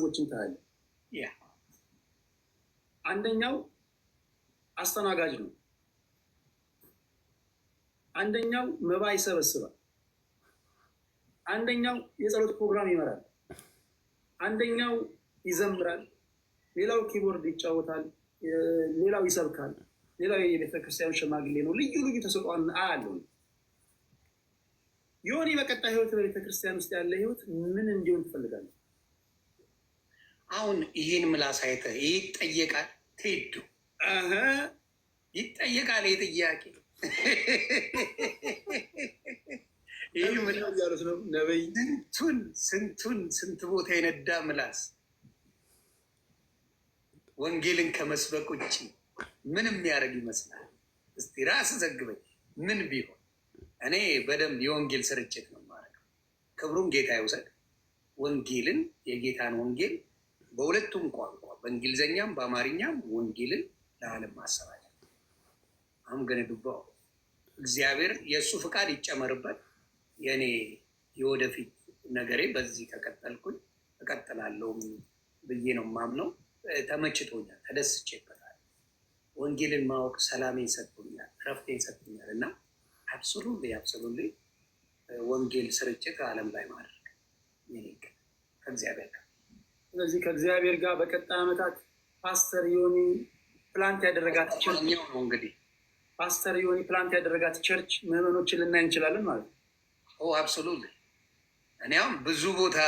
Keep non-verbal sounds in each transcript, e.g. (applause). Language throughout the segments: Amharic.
ሰዎችን ታያለ። አንደኛው አስተናጋጅ ነው። አንደኛው መባ ይሰበስባል። አንደኛው የጸሎት ፕሮግራም ይመራል። አንደኛው ይዘምራል፣ ሌላው ኪቦርድ ይጫወታል፣ ሌላው ይሰብካል፣ ሌላው የቤተክርስቲያን ሽማግሌ ነው። ልዩ ልዩ ተሰጥኦን አያለው። የሆነ በቀጣይ ህይወት በቤተክርስቲያን ውስጥ ያለ ህይወት ምን እንዲሆን ትፈልጋለህ? አሁን ይህን ምላስ አይተ ይጠየቃል። ትሄዱ ይጠየቃል። ይህ ጥያቄ ስንቱን ስንቱን ስንት ቦታ የነዳ ምላስ ወንጌልን ከመስበክ ውጭ ምንም የሚያደርግ ይመስላል? እስቲ ራስ ዘግበኝ። ምን ቢሆን እኔ በደንብ የወንጌል ስርጭት ነው የማደርገው። ክብሩን ጌታ ይውሰድ። ወንጌልን የጌታን ወንጌል በሁለቱም ቋንቋ በእንግሊዝኛም በአማርኛም ወንጌልን ለዓለም ማሰራጨት አሁን ግን ዱባው እግዚአብሔር የእሱ ፍቃድ ይጨመርበት። የእኔ የወደፊት ነገሬ በዚህ ከቀጠልኩኝ እቀጥላለሁ ብዬ ነው ማምነው። ተመችቶኛል፣ ተደስቼበታል። ወንጌልን ማወቅ ሰላሜን ሰጥቶኛል፣ ረፍቴን ሰጥቶኛል እና አብሶሉ አብሶሉ ወንጌል ስርጭት ዓለም ላይ ማድረግ ከእግዚአብሔር ጋር ስለዚህ ከእግዚአብሔር ጋር በቀጣይ ዓመታት ፓስተር ዮኒ ፕላንት ያደረጋት ቸርች ነው እንግዲህ ፓስተር ዮኒ ፕላንት ያደረጋት ቸርች ምዕመኖችን ልናይ እንችላለን ማለት ነው። አብሶሉት እኔም ብዙ ቦታ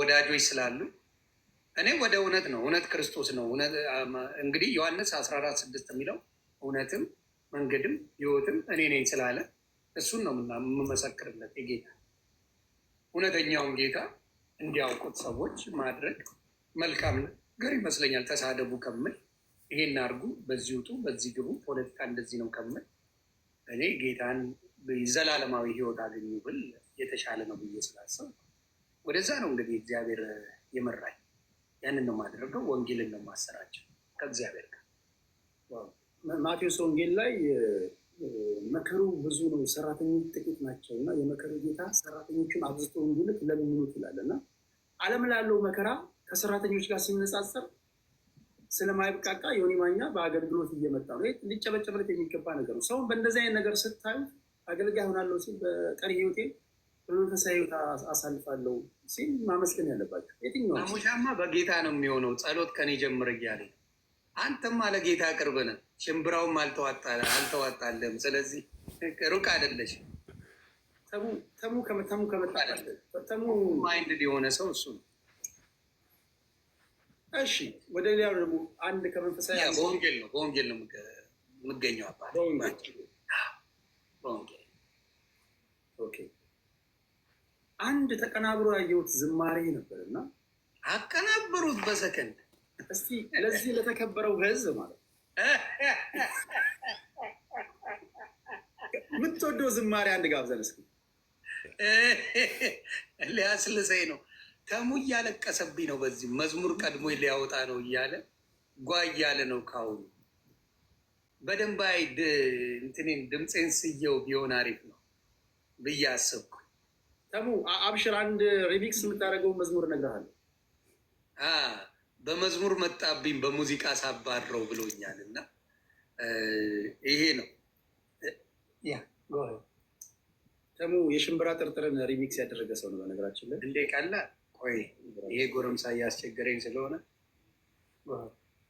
ወዳጆች ስላሉ እኔ ወደ እውነት ነው እውነት ክርስቶስ ነው። እንግዲህ ዮሐንስ አስራ አራት ስድስት የሚለው እውነትም መንገድም ህይወትም እኔ ነኝ ስላለ እሱን ነው የምመሰክርለት የጌታ እውነተኛውን ጌታ እንዲያውቁት ሰዎች ማድረግ መልካም ነገር ይመስለኛል። ተሳደቡ ከምል ይሄን አድርጉ፣ በዚህ ውጡ፣ በዚህ ግቡ፣ ፖለቲካ እንደዚህ ነው ከምል እኔ ጌታን ዘላለማዊ ሕይወት አገኙ ብል የተሻለ ነው ብዬ ስላሰብ ወደዛ ነው እንግዲህ እግዚአብሔር የመራኝ። ያንን ነው ማደርገው፣ ወንጌልን ነው ማሰራቸው ከእግዚአብሔር ጋር። ማቴዎስ ወንጌል ላይ መከሩ ብዙ ነው፣ ሰራተኞች ጥቂት ናቸው እና የመከሩ ጌታ ሰራተኞቹን አብዝቶ እንዲልክ ለምኑት ይላል እና ዓለም ላለው መከራ ከሰራተኞች ጋር ሲነጻጸር ስለማይብቃቃ ዮኒ ማኛ በአገልግሎት እየመጣ ነው። ሊጨበጨብለት የሚገባ ነገር ነው። ሰውን በእንደዚህ አይነት ነገር ስታዩ አገልጋይ ሆናለሁ ሲል በቀሪ ህይወቴ በመንፈሳዊ ህይወት አሳልፋለሁ ሲል ማመስገን ያለባቸው የትኛው ሙሻማ በጌታ ነው የሚሆነው። ጸሎት ከኔ ጀምር እያለ አንተማ ለጌታ ቅርብ ነህ። ሽምብራውም አልተዋጣለም። ስለዚህ ሩቅ አይደለሽም። ተሙ ማይንድ የሆነ ሰው እሱ ነው። እሺ ወደ ሌላ ደግሞ አንድ ከመንፈሳዊ በወንጌል ነው በወንጌል ነው የምገኘው አባት አንድ ተቀናብሮ ያየሁት ዝማሬ ነበር እና አቀናበሩት በሰከንድ እስቲ ለዚህ ለተከበረው ህዝብ ማለት (laughs) የምትወደው ዝማሬ አንድ ጋብዘን እስኪ ሊያስልሰኝ ነው። ተሙ እያለቀሰብኝ ነው። በዚህ መዝሙር ቀድሞ ሊያወጣ ነው እያለ ጓ እያለ ነው። ካሁኑ በደንብ አይ እንትኔን ድምፄን ስየው ቢሆን አሪፍ ነው ብዬ አሰብኩ። ተሙ አብሽር፣ አንድ ሪሚክስ የምታደርገው መዝሙር እነግርሃለሁ። በመዝሙር መጣብኝ በሙዚቃ ሳባረው ብሎኛል እና ይሄ ነው ያ ደግሞ የሽምብራ ጥርጥርን ሪሚክስ ያደረገ ሰው ነው። በነገራችን ላይ እንዴ ቀለ ቆይ ይሄ ጎረምሳ እያስቸገረኝ ስለሆነ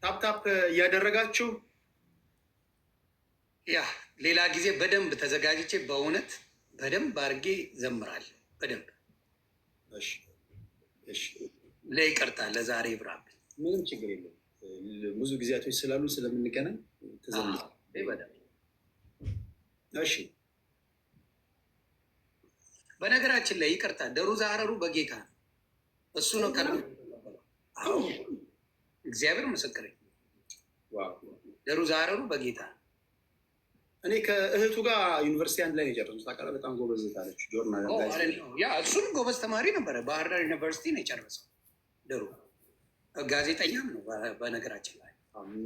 ታፕታፕ እያደረጋችሁ ያ ሌላ ጊዜ በደንብ ተዘጋጅቼ በእውነት በደንብ አድርጌ ዘምራል በደንብ ለይቅርታ ለዛሬ ብራብ ምንም ችግር የለም። ብዙ ጊዜያቶች ስላሉ ስለምንገናኝ በደንብ እሺ በነገራችን ላይ ይቅርታ ደሩዛ አረሩ በጌታ እሱ ነው ከ እግዚአብሔር መሰከረኝ። ደሩዛ አረሩ በጌታ እኔ ከእህቱ ጋር ዩኒቨርሲቲ አንድ ላይ የጨረሱት ታውቃለህ። በጣም ጎበዝ ታለች። ጆርናያ እሱም ጎበዝ ተማሪ ነበረ። ባህር ዳር ዩኒቨርሲቲ ነው የጨረሰው። ደሩ ጋዜጠኛም ነው በነገራችን ላይ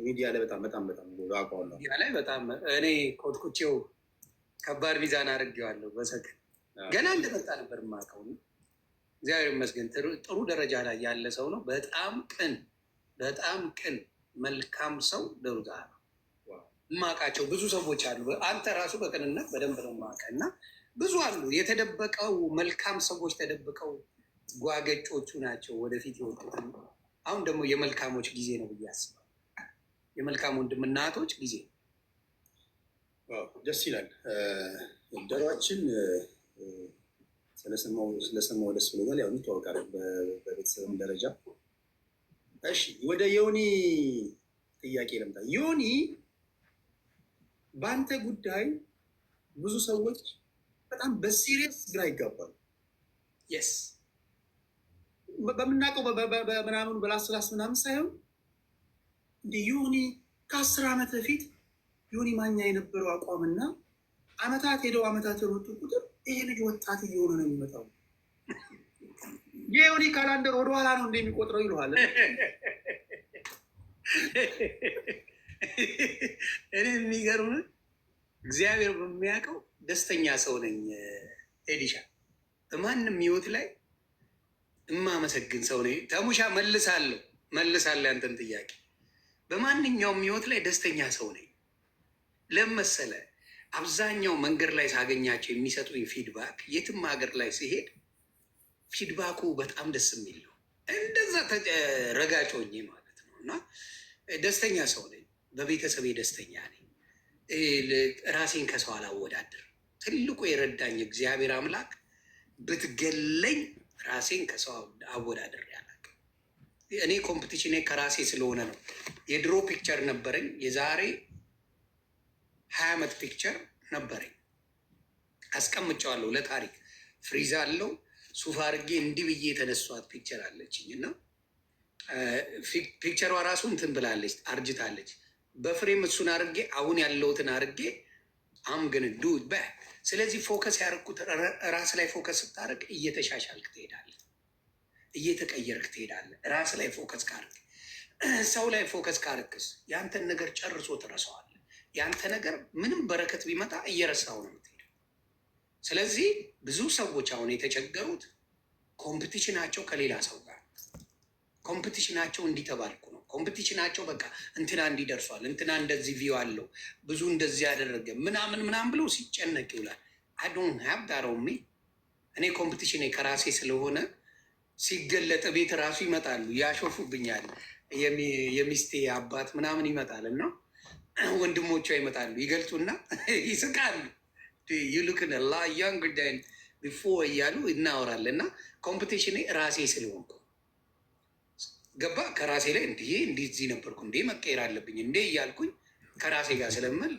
ሚዲያ ላይ በጣም በጣም በጣም ሚዲያ ላይ በጣም እኔ ኮትኩቼው ከባድ ሚዛን አድርጌዋለሁ በሰከን ገና እንደመጣ ነበር የማውቀው። እግዚአብሔር ይመስገን ጥሩ ደረጃ ላይ ያለ ሰው ነው። በጣም ቅን በጣም ቅን መልካም ሰው ደሩጋ ነው የማውቃቸው። ብዙ ሰዎች አሉ። አንተ ራሱ በቅንነት በደንብ ነው የማውቀው እና ብዙ አሉ የተደበቀው መልካም ሰዎች ተደብቀው ጓገጮቹ ናቸው ወደፊት የወጡት። አሁን ደግሞ የመልካሞች ጊዜ ነው ብዬ አስባለሁ። የመልካም ወንድም እናቶች ጊዜ ደስ ይላል። ደሯችን ስለሰማው ደስ ብሎኛል። ያው እንተዋወቃለን በቤተሰብም ደረጃ። እሺ ወደ ዮኒ ጥያቄ ልምጣ። ዮኒ በአንተ ጉዳይ ብዙ ሰዎች በጣም በሲሪየስ ግራ ይጋባሉ። የስ በምናውቀው በምናምኑ በላስላስ ምናምን ሳይሆን እንደ ዮኒ ከአስር ዓመት በፊት ዮኒ ማኛ የነበረው አቋምና ዓመታት ሄደው ዓመታት የሮጡ ቁጥር ይሄ ልጅ ወጣት እየሆነ ነው የሚመጣው። የዮኒ ካላንደር ወደኋላ ነው እንደሚቆጥረው ይለዋል። እኔ የሚገርም እግዚአብሔር በሚያውቀው ደስተኛ ሰው ነኝ። ኤዲሻ በማንም ህይወት ላይ እማመሰግን ሰው ነኝ። ተሙሻ መልሳለሁ መልሳለሁ ያንተን ጥያቄ። በማንኛውም ህይወት ላይ ደስተኛ ሰው ነኝ ለመሰለ አብዛኛው መንገድ ላይ ሳገኛቸው የሚሰጡኝ ፊድባክ የትም ሀገር ላይ ሲሄድ ፊድባኩ በጣም ደስ የሚል ነው። እንደዛ ረጋጮኝ ማለት ነው። እና ደስተኛ ሰው ነኝ፣ በቤተሰቤ ደስተኛ ነኝ። ራሴን ከሰው አላወዳድር። ትልቁ የረዳኝ እግዚአብሔር አምላክ ብትገለኝ ራሴን ከሰው አወዳድር ያላቅ። እኔ ኮምፕቲሽን ከራሴ ስለሆነ ነው። የድሮ ፒክቸር ነበረኝ የዛሬ ሀያ ዓመት ፒክቸር ነበረኝ አስቀምጫዋለሁ ለታሪክ ፍሪዝ አለው ሱፍ አድርጌ እንዲህ ብዬ የተነሷት ፒክቸር አለችኝ እና ፒክቸሯ ራሱ እንትን ብላለች አርጅታለች። በፍሬም እሱን አድርጌ አሁን ያለውትን አድርጌ አም ግን ዱ በ ስለዚህ ፎከስ ያደረኩት ራስ ላይ ፎከስ ስታደርግ እየተሻሻልክ ትሄዳለህ፣ እየተቀየርክ ትሄዳለህ። ራስ ላይ ፎከስ ካርግ ሰው ላይ ፎከስ ካርክስ ያንተን ነገር ጨርሶ ትረሰዋል ያንተ ነገር ምንም በረከት ቢመጣ እየረሳው ነው የምትሄደው። ስለዚህ ብዙ ሰዎች አሁን የተቸገሩት ኮምፕቲሽናቸው ከሌላ ሰው ጋር ኮምፕቲሽናቸው እንዲተባልኩ ነው። ኮምፕቲሽናቸው በቃ እንትና እንዲደርሷል፣ እንትና እንደዚህ ቪው አለው፣ ብዙ እንደዚህ ያደረገ ምናምን ምናምን ብሎ ሲጨነቅ ይውላል። አዶን ሀብ ዳረውሚ እኔ ኮምፕቲሽኔ ከራሴ ስለሆነ ሲገለጥ ቤት ራሱ ይመጣሉ፣ ያሾፉብኛል። የሚስቴ አባት ምናምን ይመጣል ነው ወንድሞቿ ይመጣሉ፣ ይገልጹና ይስቃሉ። ዩሉክን ላ ያን ጉዳይን ቢፎ እያሉ እናወራለን። እና ኮምፒቴሽን ራሴ ስለሆንኩ ገባ ከራሴ ላይ እንዲ እንዲዚህ ነበርኩ እንዴ መቀየር አለብኝ እንዴ እያልኩኝ ከራሴ ጋር ስለምል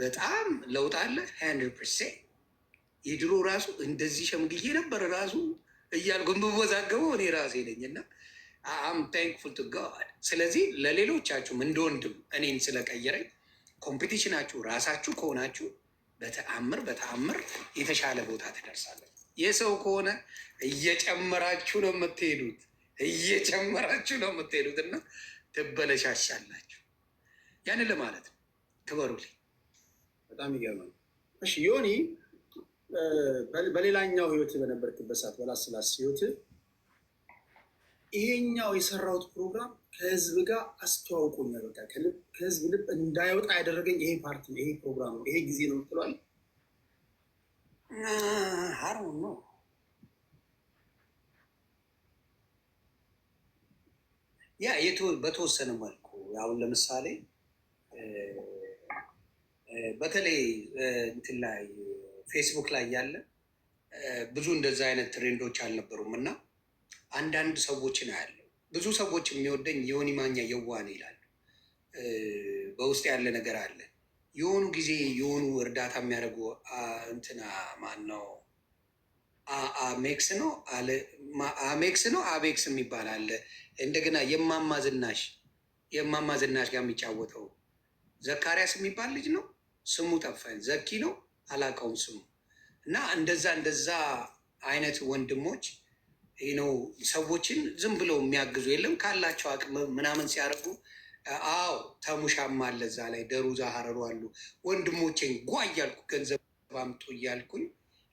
በጣም ለውጥ አለ። ሀንድርድ የድሮ ራሱ እንደዚህ ሸምግዬ ነበር ራሱ እያልኩ የምወዛገበው እኔ ራሴ ነኝ እና አም ታንክፉል ቱ ጋድ። ስለዚህ ለሌሎቻችሁም እንደ ወንድም እኔን ስለቀየረኝ ኮምፒቲሽናችሁ ራሳችሁ ከሆናችሁ በተአምር በተአምር የተሻለ ቦታ ትደርሳለን። የሰው ከሆነ እየጨመራችሁ ነው የምትሄዱት እየጨመራችሁ ነው የምትሄዱት እና ትበለሻሻላችሁ። ያንን ለማለት ነው። ክበሩ በጣም ይገርማል። እሺ ዮኒ፣ በሌላኛው ህይወት በነበርክበት ሰዓት በላስላስ ህይወት ይሄኛው የሰራሁት ፕሮግራም ከህዝብ ጋር አስተዋውቆኛል። በቃ ከህዝብ ልብ እንዳይወጣ ያደረገኝ ይሄ ፓርቲ ነው፣ ይሄ ፕሮግራም ነው፣ ይሄ ጊዜ ነው ብሏል። ሀሩ ነው ያ በተወሰነ መልኩ አሁን ለምሳሌ በተለይ እንትን ላይ ፌስቡክ ላይ ያለ ብዙ እንደዛ አይነት ትሬንዶች አልነበሩም እና አንዳንድ ነው ያለው። ብዙ ሰዎች የሚወደኝ የሆኒ ማኛ የዋህ ነው ይላሉ። በውስጥ ያለ ነገር አለ። የሆኑ ጊዜ የሆኑ እርዳታ የሚያደርጉ እንትና ማነው አሜክስ ነው አሜክስ ነው አቤክስ የሚባል አለ። እንደገና የማማ ዝናሽ የማማ ዝናሽ ጋር የሚጫወተው ዘካሪያስ የሚባል ልጅ ነው። ስሙ ጠፋኝ። ዘኪ ነው አላውቀውም ስሙ እና እንደዛ እንደዛ አይነት ወንድሞች ይህ ነው ሰዎችን ዝም ብለው የሚያግዙ የለም ካላቸው አቅም ምናምን ሲያደርጉ አዎ ተሙሻም አለ እዛ ላይ ደሩዛ ሀረሩ አሉ ወንድሞቼን ጓ እያልኩ ገንዘብ አምጡ እያልኩኝ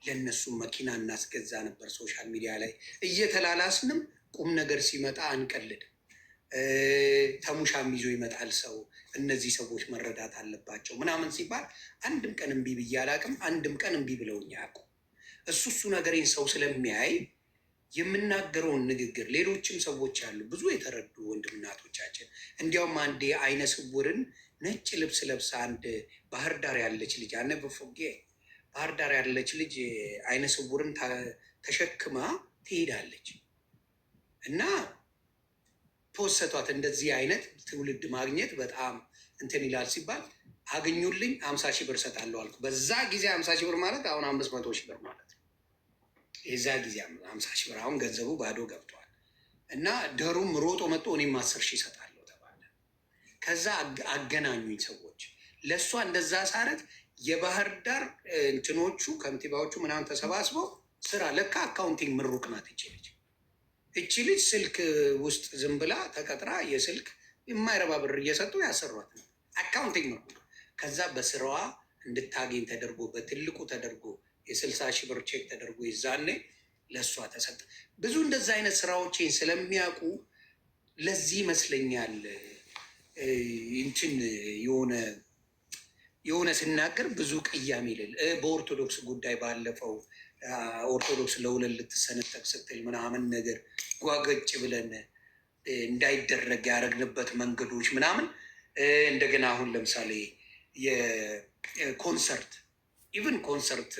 ለእነሱ መኪና እናስገዛ ነበር። ሶሻል ሚዲያ ላይ እየተላላስንም ቁም ነገር ሲመጣ አንቀልድ ተሙሻም ይዞ ይመጣል ሰው። እነዚህ ሰዎች መረዳት አለባቸው ምናምን ሲባል አንድም ቀን እምቢ ብዬ አላቅም። አንድም ቀን እምቢ ብለውኝ አያውቁም። እሱ እሱ ነገሬን ሰው ስለሚያይ የምናገረውን ንግግር ሌሎችም ሰዎች አሉ፣ ብዙ የተረዱ ወንድምናቶቻችን። እንዲያውም አንዴ አይነ ስውርን ነጭ ልብስ ለብሳ አንድ ባህር ዳር ያለች ልጅ አነ በፎጌ ባህር ዳር ያለች ልጅ አይነ ስውርን ተሸክማ ትሄዳለች እና ተወሰቷት። እንደዚህ አይነት ትውልድ ማግኘት በጣም እንትን ይላል ሲባል አግኙልኝ አምሳ ሺህ ብር እሰጣለሁ አልኩ። በዛ ጊዜ አምሳ ሺህ ብር ማለት አሁን አምስት መቶ ሺህ ብር ማለት ነው። የዛ ጊዜ ሀምሳ ሺህ ብር አሁን ገንዘቡ ባዶ ገብቷል እና ደሩም ሮጦ መጥቶ እኔም አስር ሺህ ይሰጣለሁ ተባለ። ከዛ አገናኙኝ ሰዎች ለእሷ እንደዛ ሳረት የባህር ዳር እንትኖቹ ከንቲባዎቹ ምናምን ተሰባስበው ስራ ለካ አካውንቲንግ ምሩቅ ናት እች ልጅ እች ልጅ ስልክ ውስጥ ዝም ብላ ተቀጥራ የስልክ የማይረባ ብር እየሰጡ ያሰሯት ነው አካውንቲንግ ምሩቅ ከዛ በስራዋ እንድታገኝ ተደርጎ በትልቁ ተደርጎ የስልሳ ሺህ ብር ቼክ ተደርጎ ይዛኔ ለእሷ ተሰጠ። ብዙ እንደዛ አይነት ስራዎችን ስለሚያውቁ ለዚህ ይመስለኛል እንትን የሆነ የሆነ ስናገር ብዙ ቅያሜ ይልል በኦርቶዶክስ ጉዳይ ባለፈው ኦርቶዶክስ ለሁለት ልትሰነጠቅ ስትል ምናምን ነገር ጓገጭ ብለን እንዳይደረግ ያደረግንበት መንገዶች ምናምን እንደገና አሁን ለምሳሌ የኮንሰርት ኢቭን ኮንሰርት